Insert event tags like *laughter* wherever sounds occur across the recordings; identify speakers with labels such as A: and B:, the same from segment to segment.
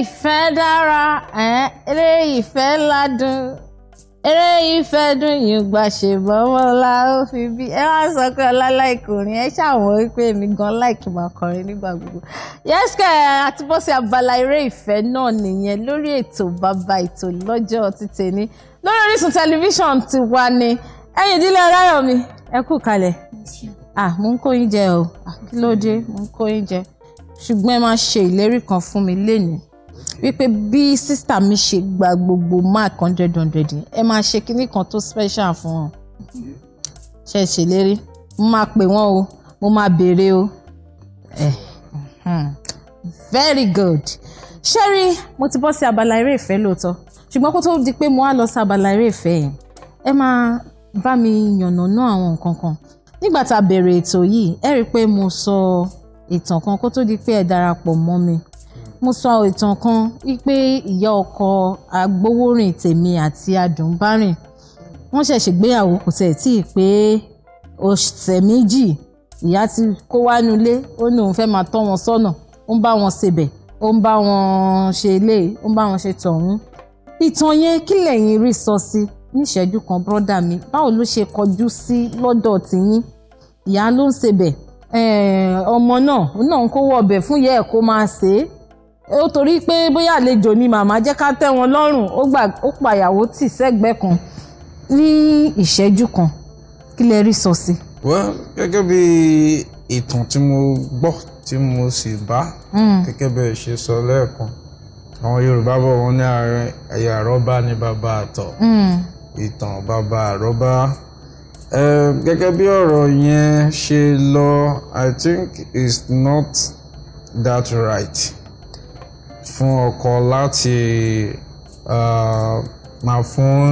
A: ìfẹ́ dára eré ìfẹ́ ládùn eré ìfẹ́ dùn yìí gbà ṣe bọ́mọ́lá ó fi bí ẹ wá sọ pé ọlá láìkò orin ẹ ṣàwọn wípé èmi gan láìkì máa kọrin nígbà gbogbo yẹ́sìkẹ́ àtúbọ̀sí abala eré ìfẹ́ náà nìyẹn lórí ètò bàbá ètò lọ́jọ́ títẹ̀ ní lórí Orísun tẹlifíṣàn ti wá ni ẹ̀yin ìdílé ọláyọ̀mí ẹ kú kalẹ̀ ah mo ń kó yín jẹ o kí ló dé mo ń kó yín ṣùgbọ́n ẹ máa ṣe ìlérí kan fún mi lénìí wípé bí sísítà mi ṣe gba gbogbo mark hundred hundred yẹn ẹ máa ṣe kinní kan tó special fún wọn ṣe ṣèlérí mo máa pè wọ́n o mo máa béèrè o very good ṣẹ́rí mo ti bọ́ sí abala eré ìfẹ́ lóòótọ́ ṣùgbọ́n kó tó di pé mo wá lọ sí abala eré ìfẹ́ yẹn ẹ máa bá mi yànnàná àwọn nǹkan kan nígbà tá a bẹ̀rẹ̀ ètò yìí ẹ rí i pé mo sọ ìtàn kan kó tó di pé ẹ darapọ̀ mọ́ mi mo sọ ìtàn kan wípé ìyá ọkọ agbowórin tèmi àti adùnbárìn wọ́n ṣẹ̀ṣẹ̀ gbéyàwó kò tẹ̀ tí ì pé ọ̀sẹ̀ méjì ìyá ti kó wá nulé ó ní òun fẹ́ máa tọ́ wọn sọ́nà ó ń bá wọn ṣebẹ̀ ó ń bá wọn ṣe ilé ó ń bá wọn ṣe tọ̀hún. ìtàn yẹn kí lẹ̀yin rí sọ sí níṣẹ́jú kan bọ́dà mi báwo ló ṣe kọjú sí lọ́dọ̀ tìyín ìyá ló ń ṣebẹ̀ ọmọ náà náà ń kówó ọbẹ̀ fún ìyá kó máa ṣe é ó torí pé bóyá àlejò ni màmá jẹ́ ká tẹ́ wọn lọ́rùn ó gbà ó pàyàwó tì sẹ́gbẹ́ kan ní ìṣẹ́jú kan kí lẹ rí sọ sí.
B: well gẹ́gẹ́ bí ìtàn tí mo gbọ́ tí mo sì bá hmm. gẹ́gẹ́ bẹ́ẹ̀ ṣe sọ lẹ́ẹ̀kan àwọn Yorùbá bọ̀ wọ́n ní ẹ̀yà àrọ́bá bàbá àtọ̀ hmm. ìtàn bàbá àrọ́bá gẹ́gẹ́ bí ọ̀rọ̀ yẹn ṣe lọ I think it's not that right fún ọkọ láti máa fún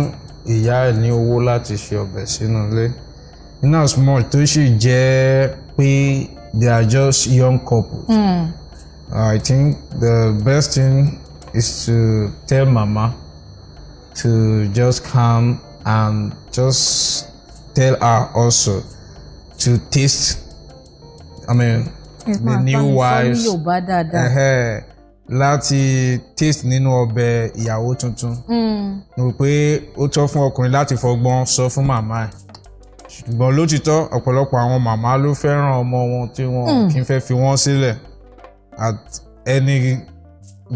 B: ìyá ẹ̀ ní owó láti ṣe ọbẹ̀ sínú ilé in as much tó sì jẹ́ pé they are just young couples mm. I think the best thing is to tell mama to just calm and just tell her also to taste I mean the new wives. Yorùbá dáadáa láti taste nínú ọbẹ̀ ìyàwó tuntun hmm. mo rò pé ó tọ́ fún ọkùnrin láti fọgbọ́n sọ fún màmá ẹ̀ ṣùgbọ́n lótìtọ́ ọ̀pọ̀lọpọ̀ àwọn màmá ló fẹ́ràn ọmọ wọn tí wọn hmm. kì í fẹ́ fi wọ́n sílẹ̀ at any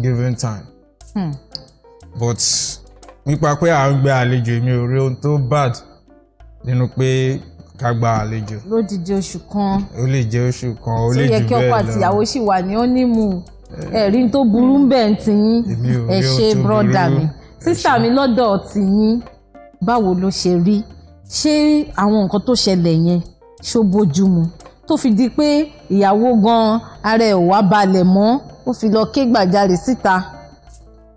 B: given time mm. but nípa pé à ń gba àlejò mi ò rí ohun tó bad nínú pé ká gba àlejò.
A: lódìdí oṣù kan.
B: ó lè jẹ́ oṣù kan ó lè jù bẹ́ẹ̀ lọ. tó yẹ kí ọkọ àtìyàwó
A: ṣì wà ní ó nímú ẹ̀rí tó burú ń ń ti ẹ ṣe bọ́dà mi sísà mi lọ́dọ̀ ti báwo ló ṣe rí ṣé àwọn nǹkan tó ṣẹlẹ̀ yẹn ṣó bójú mu tó fi di pé ìyàwó gan ara ẹ̀ wá balẹ̀ mọ́ ó fi lọ ké gbàjarè
C: síta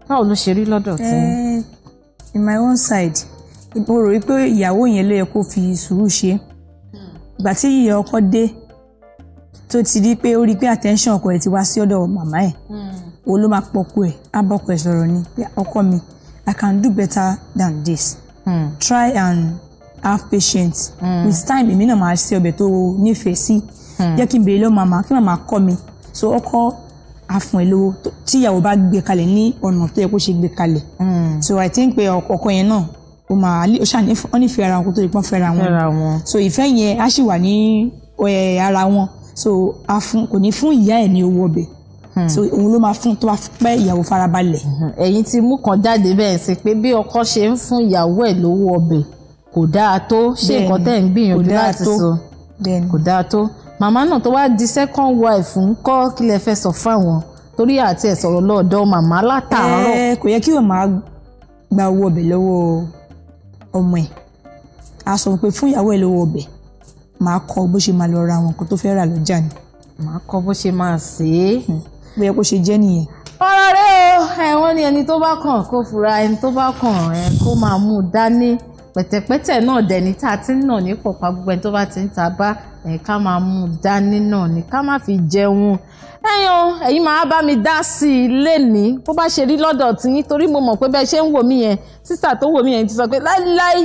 C: báwo ló ṣe rí lọ́dọ̀ tí. Eh, in my own side mo rò wípé ìyàwó yẹn ló yẹ kó fi sùúrù ṣe hmm. ìgbà tí ìyá ọkọ dé tó ti di pé ó rí i pé attention ọkọ ẹ̀ ti wá sí ọ̀dọ̀ màmá ẹ̀ hmm. òun ló máa pọ̀kọ ẹ̀ á bọ̀kọ ẹ̀ sọ̀rọ̀ ni ọkọ mi I can do better than this mm. try and have patience mm. with time èmi náà máa ṣe ọbẹ̀ tó nífẹ̀ẹ́ sí hmm. jẹ́ kí n béèrè lọ́wọ́ màmá kí màmá kọ́ mi so ọkọ àfún ẹ lówó tí ìyàwó bá gbé kalẹ̀ ní ọ̀nà tó yẹ kó ṣe gbé kalẹ̀ hmm. so I think pé ọkọ yẹn náà ó máa ó ṣànífẹ́ ara wọn kó tó lè pọ́n fẹ́ra wọn so ìfẹ́ yẹn á sì wà ní ara wọn so a fún kò ní fún ìyá ẹ̀ ní owó ọbẹ̀ hmm. so òun ló máa fún tó bá pẹ́ ìyàwó farabalẹ̀. Hmm. ẹ̀yin ti mú kan jáde bẹ́ẹ̀ sí pé bí ọkọ ṣe ń fún ìyàwó ẹ̀ lówó
A: ọbẹ̀ kò dáa tó ṣé nǹkan tẹ̀ ń gbìyànjú láti sọ kò dáa tó màmá náà tó wá di second wife ń kọ́ kí lẹ fẹ́ sọ fáwọn torí àti ẹ̀ sọ̀rọ̀ lọ́ọ̀dọ̀
C: màmá látàárọ̀. ẹ eh, kò yẹ kí màmá gba owó ọbẹ̀ lọ́wọ́ ọmọ ẹ̀ máa kọ́ bó ṣe máa lọ ra àwọn nǹkan tó fẹ́ rà lọ́jà ni. máa kọ́ bó ṣe máa ṣe é. Hmm. bóyá kó ṣe jẹ́ nìyẹn. ọ̀rọ̀
A: rẹ o ẹ̀wọ̀n ni ẹni tó bá kàn kó fura ẹni tó bá kàn kó máa mú dání pẹ̀tẹ̀pẹ̀tẹ̀ náà dẹ̀ ní tá a ti ń nà ní pọ̀pá gbogbo ẹni tó bá ti ń ta bá ẹ ká máa mú un dání náà ni ká má fi jẹun ẹyàn ẹ̀yin máa bá mi dá sí i lénìí bó bá ṣe rí lọ́dọ̀ tí yín torí mo mọ̀ pé bẹ́ẹ̀ ṣe ń wò mí yẹn sísà tó wò mí yẹn ti sọ pé láíláí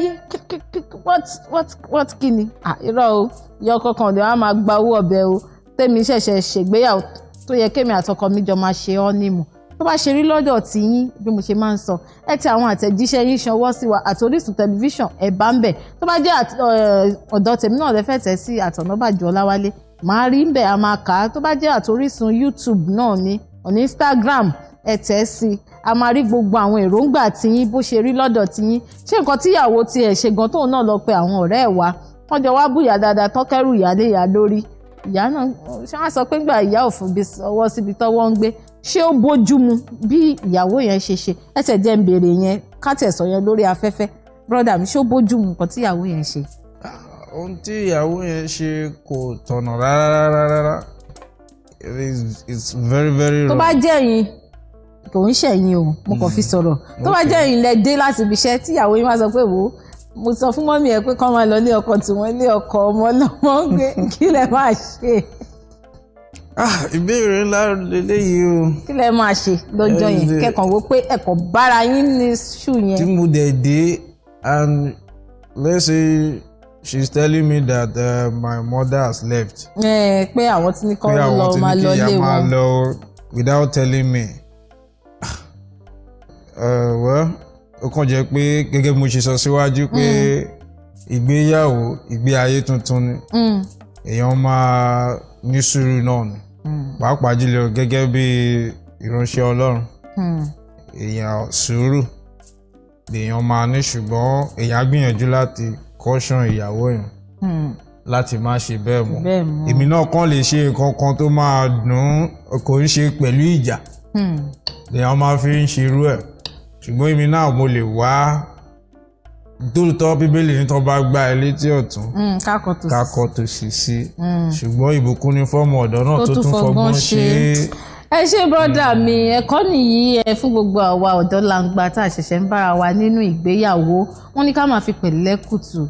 A: what what what kí ni irọ́ o yọ kankan ni wọ́n á máa gba owó ọbẹ̀ o tèmi ṣẹ̀ṣẹ̀ ṣègbéyàwó tó yẹ kémi àtọkọ mi jọ máa ṣe ọ́ nímù tó bá ṣe rí lọ́dọ̀ tiyín bí mo ṣe máa ń sọ ẹ tẹ àwọn àtẹ̀jíṣẹ́ yín ṣọwọ́ sí wa àti Orísun tẹlifíṣàn ẹ̀ bá ń bẹ̀ tó bá jẹ́ ọ̀dọ̀ tèmi náà lẹ fẹ́ tẹ̀ sí àtọ̀nàbàjọ ọláwálé màá rí ń bẹ̀ a máa kà á tó bá jẹ́ àtOrísun YouTube náà ni on Instagram ẹ tẹ̀ sí a máa rí gbogbo àwọn èròǹgbà tiyín bó ṣe rí lọ́dọ̀ tiyín ṣé nǹkan tíyàwó tiẹ̀ ṣe gan tóun náà lọ pe àwọn ọ̀rẹ́ ẹ̀ wá wọ́n jọ wá bùyà dáadáa tọ́kẹ́rù ìyáléyà lórí ìyá náà ṣé wọ́n sọ pé ńgbà ìyá òfin ọwọ́ síbi tọ́wọ́ ń gbé ṣé ó bójúmu bí ìyàwó yẹn ṣe ṣe ẹsẹ̀ jẹ́ ń béèrè yẹn kátẹ̀sọ yẹn lórí afẹ́fẹ́ brọ́dà mi ṣé ó bójúmu nǹkan tí ìyàwó yẹn ṣe.
B: ohun tí ìyàwó yẹn ṣe kò tọ̀nà rárá rárá it's very very wrong. tó bá
A: jẹ́ yín kò ń ṣẹ̀yìn o mo kàn fi mm. sọ̀rọ̀ tó bá jẹ́ yín lẹ dé láti ibi iṣẹ́ tí ìyàwó yín wá sọ pé wò ó mo sọ fún mọ́mí ẹ pé kọ́ máa lọ ní ọkọ tiwọn ní ọkọ ọmọ lọ́mọ ń gbé kí lẹ máa ṣe
B: Ah, ìbéèrè ńlá lélẹ́yìí o.
A: kí lẹ máa ṣe lọ́jọ́ yẹn kẹ́kọ̀ọ́ wo pé ẹ̀kọ́ bára yín ní ṣù yẹn. tí mo
B: dẹ̀ dé and let's say she's telling me that uh, my mother has left.
A: ẹ pé àwọn tí ní kọ́ lọ máa lọ lé wọn. pé àwọn tí ní kí ya máa
B: lọ without telling me. Ah, uh, well ó kàn jẹ́ pé gẹ́gẹ́ bí mo ṣe sọ síwájú pé mm. ìgbéyàwó ìgbé ayé tuntun ni mm. èèyàn máa ní sùúrù náà ni. Hmm. pàápàá jùlọ gẹ́gẹ́ bí ìránṣẹ́ Ọlọ́run hmm. èèyàn sùúrù lèèyàn máa ní ṣùgbọ́n èèyàn gbìyànjú láti kọ́ṣán ìyàwó yẹn hmm. láti má ṣe bẹ́ẹ̀ mọ́ èmi náà kàn lè ṣe nǹkan kan tó máa dùn kò ń ṣe pẹ̀lú ìjà lèèyàn máa fi ń ṣerú ẹ̀ ṣùgbọ́n èmi náà mo lè wá dóòtọ́ bíbélì ní tó bá gba ẹ létí ọ̀tún
A: kákọ́
B: tó sì sí mm. ṣùgbọ́n ìbùkún ní fọ́ọ̀mù ọ̀dọ́ náà tó tún fọgbọ́n ṣe é.
A: ẹ ṣe bọ́dà mm. mi ẹ̀kọ́ nìyí ẹ fún gbogbo àwa ọ̀dọ́ langba tá a ṣẹ̀ṣẹ̀ ń bára wa nínú ìgbéyàwó wọn ní ká máa fi pẹ̀lẹ́ kùtù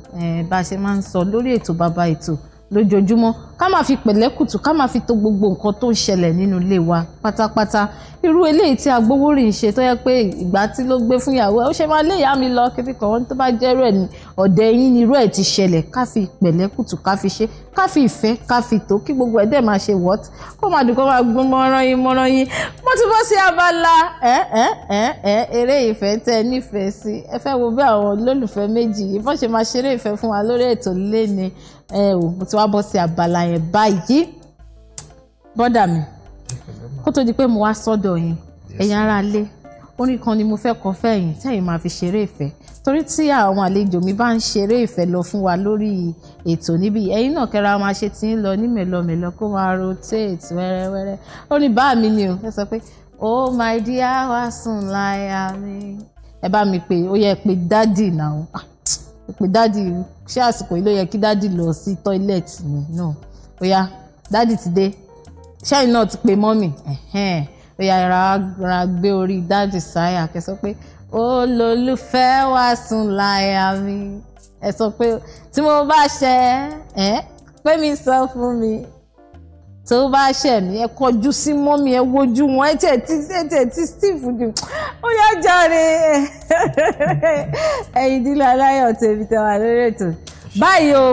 A: bá a ṣe máa ń sọ lórí ètò bàbá ètò lójoojúmọ́ ká máa fi pẹ̀lẹ́kùtù ká máa fi to gbogbo nǹkan tó ń ṣẹlẹ̀ nínú ilé wa pátápátá irú eléyìí tí agbowórí ń ṣe tó yẹ pé ìgbà tí ló gbé fún ìyàwó ẹ ó ṣe máa lé ìyá mi lọ kébí kan tó bá jẹ́ rẹ̀ ní ọ̀dẹ̀ yín ni irú ẹ̀ ti ṣẹlẹ̀ ká fi pẹ̀lẹ́kùtù ká fi ṣe ká fi ìfẹ́ ká fi tó kí gbogbo ẹ̀ dẹ̀ máa ṣe wọ́t kó máa dùn kó máa gbọ́n mọ́rán yín mọ́rán yín mo ti bọ́ sí abala ẹ ẹ ẹ ẹ eré ìfẹ́ tẹ́ ẹ nífẹ̀ẹ́ sí ẹ fẹ́ wo bí àwọn olólùfẹ́ méjì yìí bọ́n ṣe máa ṣeré ìfẹ́ fún wa lórí ètò léni ẹ o mo ti wá bọ́ sí abala yẹn báyìí bọ́dà mi kó tó di pé mo wá sọ́dọ̀ yín ẹ̀yin ará ilé orin kan ni mo fẹ́ kọ fẹ́yìn tẹ́yìn máa fi ṣeré ìfẹ́ torí tí àwọn àlejò mi bá ń ṣeré ìfẹ́ lọ fún wa lórí ètò níbí ẹ̀yin náà kẹ́ra máa ṣe ti ń lọ ní mẹ́lọmẹ́lọ kó máa rotate wẹ́rẹ́wẹ́rẹ́ orin bá mi ni o ẹ sọ pé oh my dear wá sùn láyà mi ẹ bá mi pè ó yẹ pé dádì náà pé dádì ṣé àsìkò yìí ló yẹ kí dádì lọ sí tọ́ílẹ̀tì ni náà bóyá dádì ti dé ṣẹ́yìn náà ti pe mọ́mì bóyá ra gbé orí dádì sáyà kẹ́ sọ pé olólùfẹ́ wá sùn láyà mi ẹ sọ pé tí mo bá ṣẹ ẹ pé mi sọ fún mi tó bá ṣẹ mi ẹ kọjú sí mọ́mì ẹ wojú wọn ẹ tẹ̀ tí ẹ tẹ̀ tí steve jù ó yá jàre *laughs* ẹ̀yin dílé aláyọ̀ tèmi tẹ wà lórí ètò báyìí o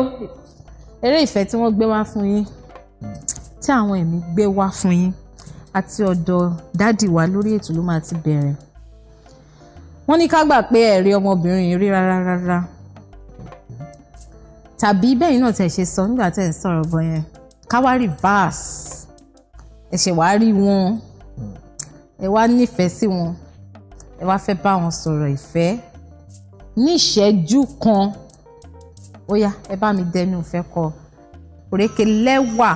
A: eré ìfẹ́ tí wọ́n gbé wá fún yín tí àwọn ẹ̀mí gbé wá fún yín àti ọ̀dọ̀ dádì wa lórí ètò ló máa ti bẹ̀rẹ̀ wọ́n ní ká gbà pé ẹ̀rí ọmọbìnrin yìí rí rárá rárá tàbí bẹ́ẹ̀ náà tẹ̀ ṣe sọ nígbà tẹ̀ ń sọ̀rọ̀ bọ̀ yẹn ká wá reverse ẹ̀ṣẹ̀ wá rí wọn ẹ wá nífẹ̀ẹ́ sí wọn ẹ wá fẹ́ bá wọn sọ̀rọ̀ ìfẹ́ ní ìṣẹ́jú kan ó yá ẹ bá mi dẹnu ìfẹ́ kọ òrékè lẹ́wà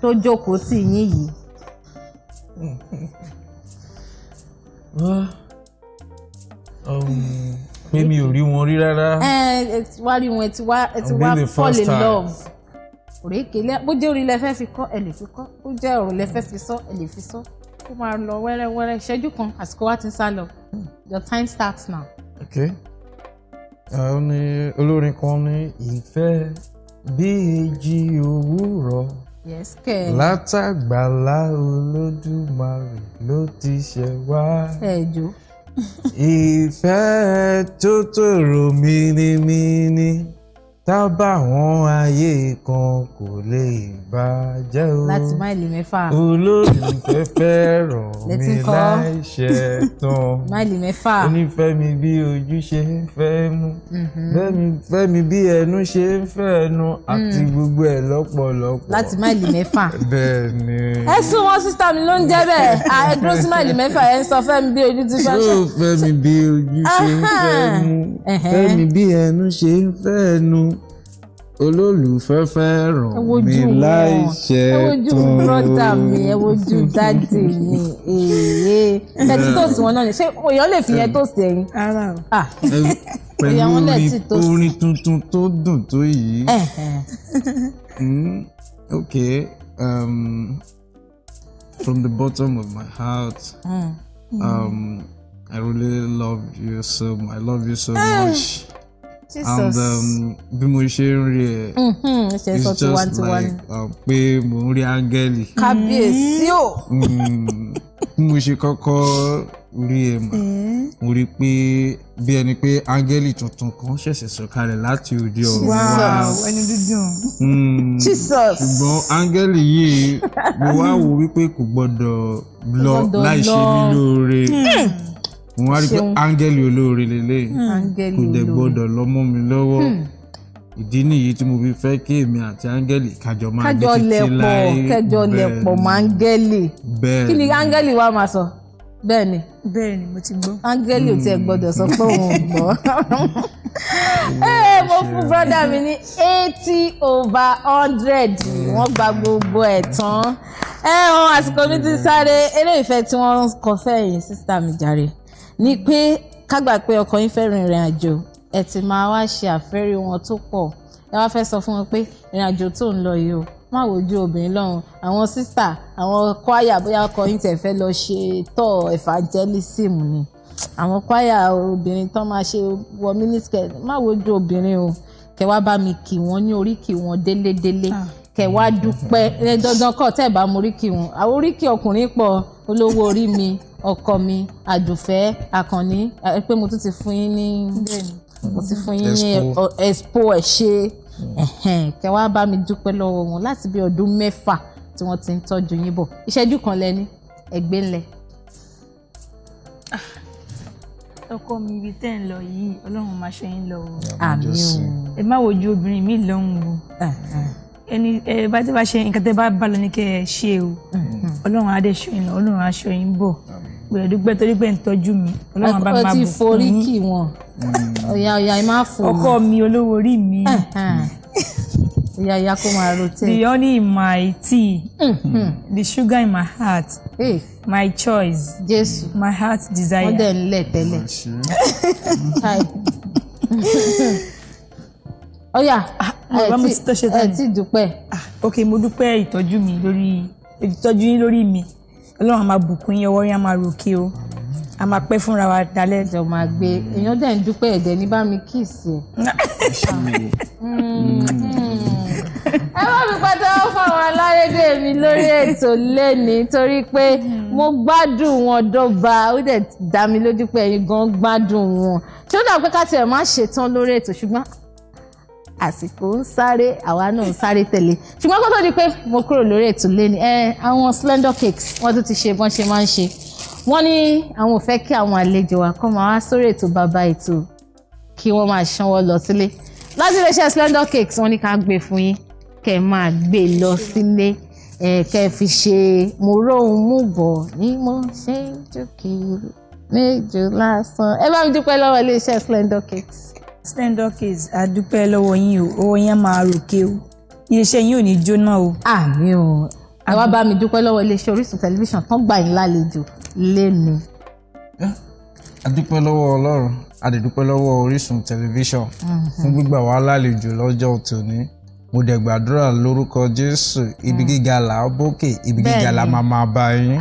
A: tó jókòó tì yín yìí.
B: Um, pé mi ò rí wọn rí rárá. ẹ
A: ẹ ti wá rí wọn ẹ ti wá ẹ ti wá fall in love òrékè lẹ bó jẹ́ orin lẹ fẹ́ fi kọ ẹ lè fi kọ bó jẹ́ ọ̀rọ̀ lẹ fẹ́ fi sọ ẹ lè fi sọ kó máa lọ wẹ́rẹ́wẹ́rẹ́ ìṣẹ́jú kan àsìkò wa ti ń sá lọ. Your time starts now.
B: Okay. Ní olórin kan ní ìfẹ́ bí èjì òwúrọ̀. Yes, kẹ́. Látàgbàlá Olódùmarè ló ti ṣẹ̀ wá. Ẹ jó. Ìfẹ́ tó tòrò mínímíní tábà wọn ayé kan kò lè bàjẹ́ o láti máìlì mẹ́fà olólùfẹ́ fẹ́ràn *laughs* mi láì tán *laughs* máìlì mẹ́fà onífẹ́mi bí ojú ṣe ń fẹ́ mú mhm. fẹ́mi bí ẹnu ṣe ń fẹ́ nu àti hmm. gbogbo ẹ̀ lọ́pọ̀lọpọ̀ láti máìlì mẹ́fà *laughs* bẹ́ẹ̀ ni. ẹ
A: sún wọn sísá mi ló ń jẹ́ bẹ́ẹ̀ ẹ dúró sí máìlì mẹ́fà ẹ ń sọ fẹ́mi bí ojú ti fẹ́ yóò
B: fẹ́mi bí ojú ṣe ń fẹ́ mú fẹ́mi bí ẹnu ṣe ń fẹ́ nu olólùfẹ́ fẹ́ràn mi láìṣẹ́ tó. ẹ wojú brọ́dà mi
A: ẹ wojú dáàdì mi èyí tẹ̀tí tòsí wọn náà ni ṣé èèyàn lè fi yẹn tòsí ẹ̀yìn. Ah.
B: *laughs* pẹ̀lú orin tuntun tó dùn tó yìí. *laughs* Hmm? okay um, from the bottom of my heart.
C: Hmm. Um,
B: I really love you so I love you so ah. much
C: and um,
B: bí mo ṣe ń rí ẹ
C: mm-hmm. ṣe sọ tiwantiwa ni
B: um, pé mo ń rí áńgẹ́lì. kábíyèsí o. Mm. bí mo ṣe kọ́kọ́ rí ẹ mà eh? mo rí i pé bí ẹni pé áńgẹ́lì tuntun kan ṣẹ̀ṣẹ̀ sọ̀kalẹ̀ láti òde ọ̀run wá. Mm. jesus. ṣùgbọ́n áńgẹ́lì yìí mo wá wò wípé kò gbọ́dọ̀ lọ láì ṣe mí lóore mo wá rí pé áńgẹ́lì olóore lélẹ̀ hmm. kò dẹ̀ gbọ́dọ̀ lọ́mọ mi lọ́wọ́ hmm. ìdí nìyí tí mo fi fẹ́ kí èmi àti áńgẹ́lì kájọ máa gbé títí láì bẹ́ẹ̀ kájọ lẹ̀pọ̀ mọ́
A: áńgẹ́lì bẹ́ẹ̀ kí ni áńgẹ́lì wa máa sọ bẹ́ẹ̀ ni bẹ́ẹ̀ ni mo ti gbọ́ áńgẹ́lì ò tiẹ̀ hmm. gbọ́dọ̀ sọ pé òun ò gbọ́ ee *laughs* *laughs* mo fún brọ́dà mi ní eighty over hundred wọ́n gba gbogbo ẹ̀ tán ẹ̀ hàn àsìkò mi ti sáré eré ìfẹ́ tí wọ́n kọ fẹ́ yìí sísítà mi jàre ni pé kágbà pé ọkọ yín fẹ́ rin ìrìn àjò ẹ ti máa wá ṣe àfẹ́rí wọn tó pọ̀ ẹ wá fẹ́ sọ fún wọn pé ìrìn àjò tó ń lọ yìí o má wojú obìnrin lọ́hùn àwọn sísà àwọn kwaya bóyá ọkọ yín tẹ̀ fẹ́ lọ ṣe tọ́ evangelism ni àwọn kwaya obìnrin tó máa ṣe wọ mínísítẹ̀ má wojú obìnrin o kẹ wá bá mi kì wọ́n ní oríkì wọn délédélé ah. kẹ wá dúpẹ́ dandan kọ́ tẹ́ bá mo oríkì wọn àwọn oríkì ọkùnrin pọ̀ olówó orí mi ọkọ mi àdùfẹ́ àkànní pé mo tún ti fún yín ní mo ti fún yín ní expo ẹ̀ ṣe kẹ wá bá mi dúpẹ́ lọ́wọ́ wọn láti bí ọdún mẹ́fà tí wọ́n ti ń tọ́jú yín bọ̀ ìṣẹ́jú kan lẹ́ni ẹ̀gbẹ́ ńlẹ̀.
C: Ah, ọkọ mi ibi tẹ́ ń lọ yìí ọlọ́run máa ṣe yín lọ o. àmín o. ẹ má wojú obìnrin mi lọ́hùn o ẹni ẹ bá tẹ́ bá ṣe nǹkan tẹ́ bá bá lọ ní kẹ́ ẹ ṣe o ọlọ́run á dẹ̀ ṣọ́ yín lọ ọlọ́run á ṣọ́ yín dúpẹ́ dúpẹ́ torí pé ń tọ́jú mi ọlọ́run bá máa bò fún mi. ọtí forí kì wọ́n ọ̀yà ọ̀yà ẹ máa fò wọ́n. ọkọ mi olówó orí mi. ìyá ìyá kó máa rotate. the honey in my tea the sugar in my heart eh. my choice Jésù my heart desire. wọ́n dẹ̀ ń lẹ̀ tẹ́lẹ̀. ọ̀yà ẹ̀ tí dúpẹ́. Ah, ok mo dúpẹ́ ìtọ́jú mi lórí ìtọ́jú yín lórí mi ọlọ́run á máa bùkún yín ọwọ́ yín á máa ròkè o a máa pẹ́ fúnra wa dalẹ́. ẹjọ máa gbé èèyàn dẹ̀ ń dúpẹ́ ẹ̀dẹ̀ ní bá mi kíìsì ẹ̀. ẹ bá mm.
A: mi pátá fáwọn alárédè mi lórí ètò lẹ́ni torí pé mo gbádùn wọn dọ́ba ó dẹ̀ dá mi lójú pé ẹ̀yin gan gbádùn wọn ṣé ó dà pé ká tiẹ̀ má ṣetán lórí ètò ṣùgbọ́n àsìkò ń sáré àwa náà ń sáré tẹ̀lé ṣùgbọ́n kó tó di pé mo kúrò lórí ètò lẹ́ni ẹ àwọn slender cakes wọ́n tún ti ṣe bọ́n ṣe máa ń ṣe wọ́n ní àwọn ò fẹ́ kí àwọn àlejò wa kọ́ máa wá sórí ètò bàbá ètò kí wọ́n máa ṣánwó lọ sílé láti iléeṣẹ́ slender cakes wọ́n ní ká gbé fún yín kẹ́ ẹ máa gbé lọ sílé ẹ kẹ́ ẹ fi ṣe mo róhun mú bọ̀ ni mo ṣe ń jókè méjò lásán ẹ bá mi dúpẹ́ lọ́wọ́ iléeṣẹ́ slender cakes.
C: Slendokids a dúpẹ́ lọ́wọ́ yín o owó yẹn máa ròkè o iléeṣẹ́ yín ò ní jóná o. àmín
A: o àwa bá mi dúpẹ́ lọ́wọ́ iléeṣẹ́ Orísun tẹlifíṣàn tán gbà yín lálejò lẹ́nu.
B: a dúpẹ́ lọ́wọ́ Ọlọ́run a dẹ̀ dúpẹ́ lọ́wọ́ Orísun tẹlifíṣàn mhm. fún gbígbà wá lálejò lọ́jọ́ tòní mo dẹ̀ gbàdúrà lórúkọ jésù ibi mm. gíga là á bókè ibi gíga là máa máa bá yín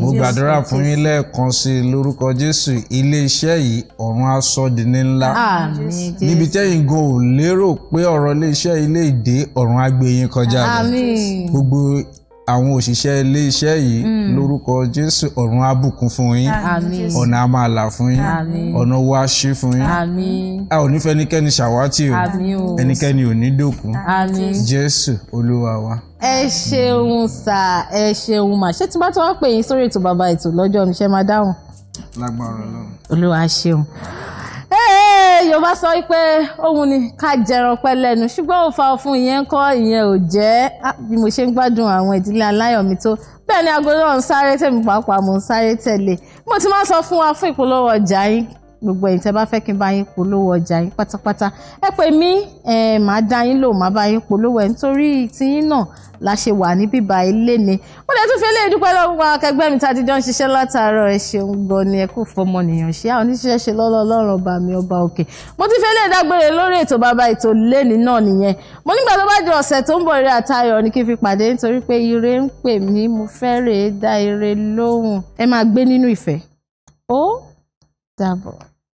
B: mo gbàdúrà fún yín lẹ́ẹ̀kan sí i lórúkọ jésù iléeṣẹ́ yìí ọ̀run á sọ di ní ńlá níbi tẹ́yìn gan ò lérò pé ọ̀rọ̀ iléeṣẹ́ ilé ìdè ọ̀run á kọjá gbogbo àwọn òṣìṣẹ́ iléeṣẹ́ yìí mm. lórúkọ Jésù ọ̀run á bùkún fún yín ọ̀nà á fún yín ọ̀nà wa ṣí fún
A: yín
B: a ò ní fẹ́ ẹnikẹ́ni ṣàwátì o ẹnikẹ́ni ò ní dòkun Jésù Olúwa wa.
A: ẹ ṣeun sà ẹ ṣeun mà ṣé tí bá tí wọ́n pè yín sórí ètò bàbá ètò lọ́jọ́ mi máa dáhùn. lágbára Ọlọ́run. Olúwa ṣeun yorùbá sọ pé òun ni ká jẹran pẹ́ lẹ́nu ṣùgbọ́n ó fa ọ̀fun ìyẹn ń kọ́ ìyẹn ò jẹ́ bí mo ṣe ń gbádùn àwọn ìdílé aláyọ̀ mi tó bẹ́ẹ̀ ni aago náà ń sáré tẹ̀mí pàápàá mo ń sáré tẹ̀lé mo ti máa sọ fún wa fún ìpolówó ọjà yín gbogbo ẹ̀yin tẹ́ bá fẹ́ kí n bá yín polówó ọjà yín pátápátá ẹ pè mí ẹ màá dá yín lò màá bá yín polówó ẹ̀ nítorí tiyín náà la ṣe wà ní bíbá ilé ni ó lè tún fi eléyìí dúpẹ́ lọ́wọ́ akẹgbẹ́ mi tàbí jọ ń ṣiṣẹ́ látàárọ̀ ẹ ṣeun gan ni ẹ kò fọmọnìyàn ṣe àwọn oníṣẹ́ ṣe lọ́lọ́ ọlọ́run ọba mi ọba òkè mo ti fi eléyìí dágbére lórí ètò bàbá ètò lẹ́ni náà nìyẹn mo nígbà tó bá di ọ̀sẹ̀ tó ń bọ̀ rí àtayọ̀ ni kí n fi pàdé nítorí pé ire ń pè mí mo fẹ́ rèé dá ire lóhùn ẹ máa gbé nínú ìfẹ́ ó dàbọ̀.